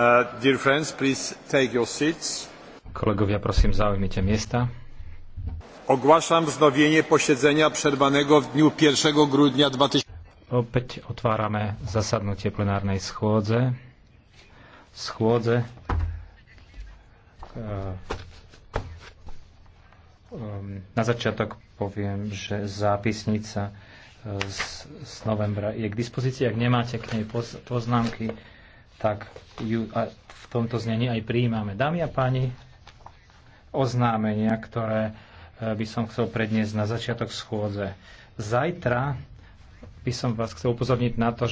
Uh, friends, Kolegovia, prosím, zaujmite miesta. Ogłaszam wznowienie posiedzenia przerwanego w dniu 1 grudnia 2000. Opäť otvárame zasadnutie plenárnej schôdze. Schôdze. E, um, na začiatok poviem, že zápisnica e, z, z novembra je k dispozícii. Ak nemáte k nej poznámky, tak ju v tomto znení aj prijímame. Dámy a páni, oznámenia, ktoré e, by som chcel predniesť na začiatok schôdze. Zajtra by som vás chcel upozorniť na to, že